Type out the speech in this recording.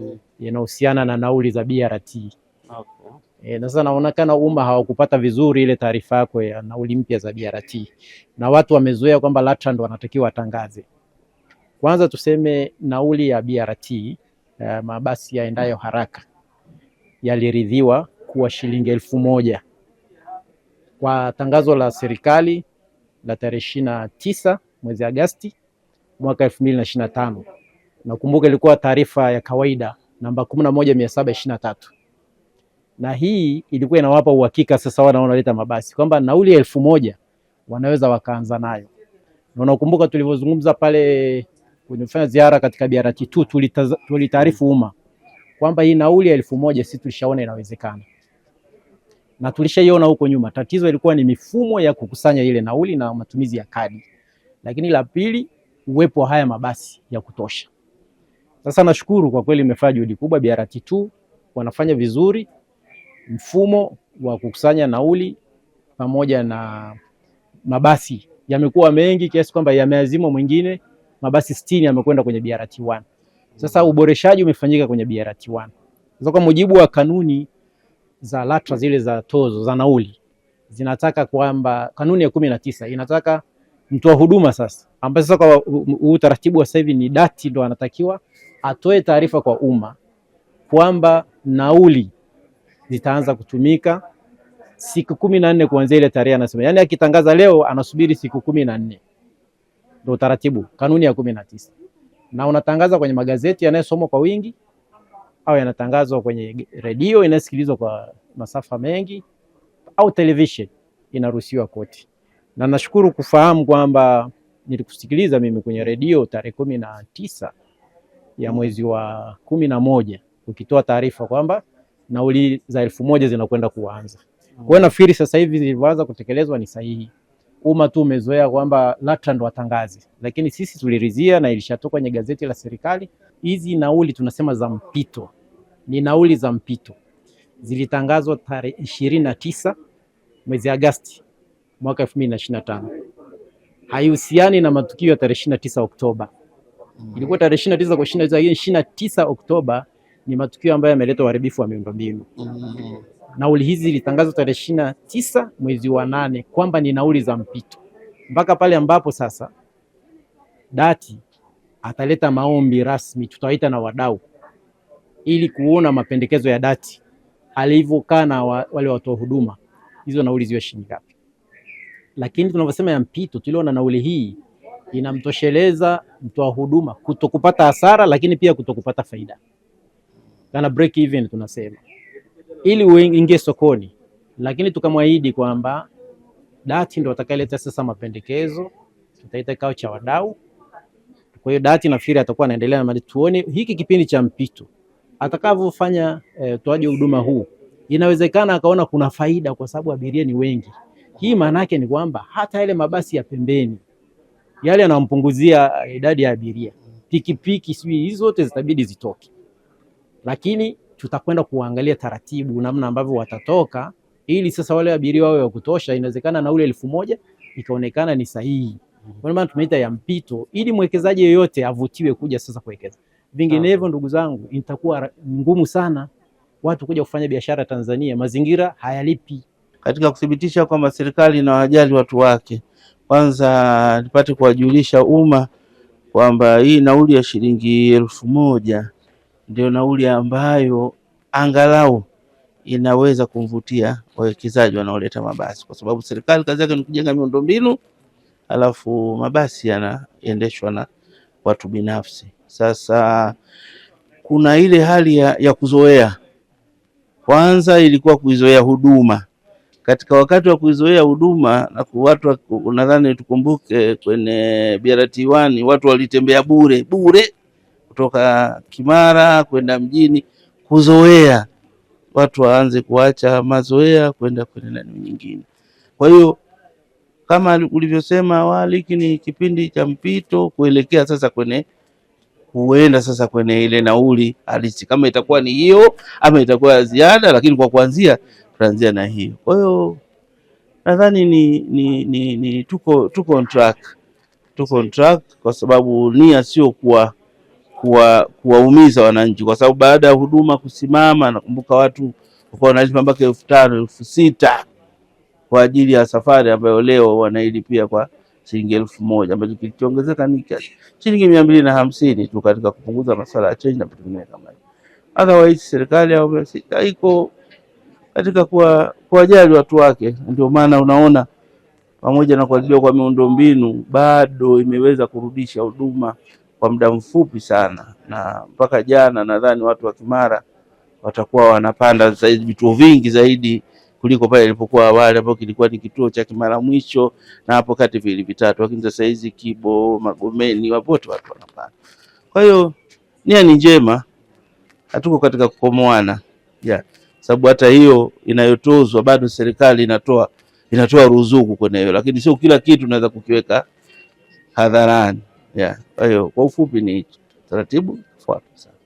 mm. yanahusiana na nauli za BRT. Okay. E, na sasa naonekana umma hawakupata vizuri ile taarifa yako ya nauli mpya za BRT na watu wamezoea kwamba LATRA ndo wanatakiwa watangaze. Kwanza tuseme nauli ya BRT uh, eh, mabasi yaendayo haraka yaliridhiwa kuwa shilingi elfu moja kwa tangazo la serikali la tarehe ishirini na tisa mwezi Agasti mwaka elfu mbili na ishirini na tano nakumbuka ilikuwa taarifa ya kawaida namba kumi na moja mia saba ishirini na tatu na hii ilikuwa inawapa uhakika sasa wana wanaleta mabasi kwamba nauli elfu moja wanaweza wakaanza nayo, na unakumbuka tulivyozungumza pale kwenye kufanya ziara katika BRT2 tulitaarifu umma kwamba hii nauli ya elfu moja sisi tulishaona inawezekana na tulishaiona huko nyuma. Tatizo ilikuwa ni mifumo ya kukusanya ile nauli na matumizi ya kadi, lakini la pili, uwepo wa haya mabasi ya kutosha. Sasa nashukuru kwa kweli, imefanya juhudi kubwa. BRT2 wanafanya vizuri, mfumo wa kukusanya nauli pamoja na mabasi yamekuwa mengi kiasi kwamba yameazimwa mwingine, mabasi stini yamekwenda kwenye BRT1. Sasa uboreshaji umefanyika kwenye BRT1. Sasa kwa mujibu wa kanuni za LATRA zile za tozo za nauli zinataka kwamba kanuni ya kumi na tisa inataka mtoa huduma sasa, ambaye sasa kwa utaratibu wa sasa hivi ni dati ndo anatakiwa atoe taarifa kwa umma kwamba nauli zitaanza kutumika siku kumi na nne kuanzia ile tarehe anasema, yaani akitangaza leo anasubiri siku kumi na nne ndio utaratibu, kanuni ya kumi na tisa na unatangaza kwenye magazeti yanayosomwa kwa wingi au yanatangazwa kwenye redio inayosikilizwa kwa masafa mengi au television inaruhusiwa kote. Na nashukuru kufahamu kwamba nilikusikiliza mimi kwenye redio tarehe kumi na tisa ya mwezi wa kumi na moja ukitoa taarifa kwamba nauli za elfu moja zinakwenda kuanza. Kwa hiyo nafikiri sasa hivi zilivyoanza kutekelezwa ni sahihi. Umma tu umezoea kwamba LATRA ndo lakini sisi tuliridhia na ilishatoka kwenye gazeti la serikali. Hizi nauli tunasema za mpito, ni nauli za mpito, zilitangazwa tarehe ishirini na tisa mwezi Agosti mwaka 2025, haihusiani na matukio ya tarehe 29 Oktoba. Ilikuwa tarehe ishirini na tisa kwa ishirini na tisa lakini ishirini na tisa Oktoba ni matukio ambayo yameleta uharibifu wa miundombinu mhm. nauli hizi zilitangazwa tarehe ishirini na tisa mwezi wa nane kwamba ni nauli za mpito mpaka pale ambapo sasa dati ataleta maombi rasmi, tutawaita na wadau ili kuona mapendekezo ya dati alivyokaa na wa, wale watoa huduma hizo nauli ziwe shilingi ngapi. Lakini tunavyosema ya mpito, tuliona nauli hii inamtosheleza mtoa huduma kutokupata hasara, lakini pia kutokupata faida, kana break even tunasema, ili uingie sokoni. Lakini tukamwahidi kwamba dati ndo atakayeleta sasa mapendekezo, tutaita kikao cha wadau. Kwa hiyo dati nafikiri atakuwa anaendelea na tuone hiki kipindi cha mpito atakavyofanya eh, utoaji eh, huduma huu, inawezekana akaona kuna faida, kwa sababu abiria ni wengi. Hii maana yake ni kwamba hata yale mabasi ya pembeni yale yanampunguzia idadi ya abiria. Pikipiki sijui hizo zote zitabidi zitoke, lakini tutakwenda kuangalia taratibu namna ambavyo watatoka, ili sasa wale abiria wawe wa kutosha. Inawezekana na ule elfu moja ikaonekana ni sahihi, kwa maana tumeita ya mpito, ili mwekezaji yeyote avutiwe kuja sasa kuwekeza. Vinginevyo, ndugu zangu, itakuwa ngumu sana watu kuja kufanya biashara Tanzania, mazingira hayalipi. Katika kuthibitisha kwamba serikali inawajali watu wake, kwanza nipate kuwajulisha umma kwamba hii nauli ya shilingi elfu moja ndio nauli ambayo angalau inaweza kumvutia wawekezaji wanaoleta mabasi, kwa sababu serikali kazi yake ni kujenga miundombinu, alafu mabasi yanaendeshwa na watu binafsi. Sasa kuna ile hali ya, ya kuzoea kwanza ilikuwa kuizoea huduma katika wakati wa kuizoea huduma na watu, nadhani tukumbuke kwenye BRT1 watu walitembea bure bure kutoka Kimara kwenda mjini kuzoea. Watu waanze kuacha mazoea kwenda kwenye nani nyingine. Kwa hiyo kama ulivyosema awali, hiki ni kipindi cha mpito kuelekea sasa kwenye huenda sasa kwenye ile nauli halisi, kama itakuwa ni hiyo ama itakuwa ziada, lakini kwa kuanzia kuanzia na hiyo. Kwa hiyo nadhani ni, ni, ni, ni tuko, tuko on track. Tuko on track kwa sababu nia sio kuwa kuwaumiza wananchi, kwa sababu baada ya huduma kusimama, nakumbuka watu walikuwa wanalipa mpaka elfu tano elfu sita kwa ajili ya safari ambayo leo wanailipia kwa shilingi elfu moja ambacho kilichoongezeka ni shilingi mia mbili na hamsini tu katika kupunguza masuala ya change na vitu vingine kama hivyo. Otherwise serikali ya awamu ya sita iko katika kuwajali watu wake. Ndio maana unaona pamoja na kuharibiwa kwa miundombinu bado imeweza kurudisha huduma kwa muda mfupi sana, na mpaka jana nadhani watu wa Kimara watakuwa wanapanda zaidi vituo vingi zaidi kuliko pale ilipokuwa awali, ambapo kilikuwa ni kituo cha Kimara mwisho na hapo kati vili vitatu, lakini sasa hizi Kibo, Magomeni, wapote watu wanapanda. Kwa hiyo nia ni njema, hatuko katika kukomoana yeah sababu hata hiyo inayotozwa bado serikali inatoa inatoa ruzuku kwenye hiyo, lakini sio kila kitu unaweza kukiweka hadharani. Kwa hiyo yeah, kwa ufupi ni hicho taratibu fuata.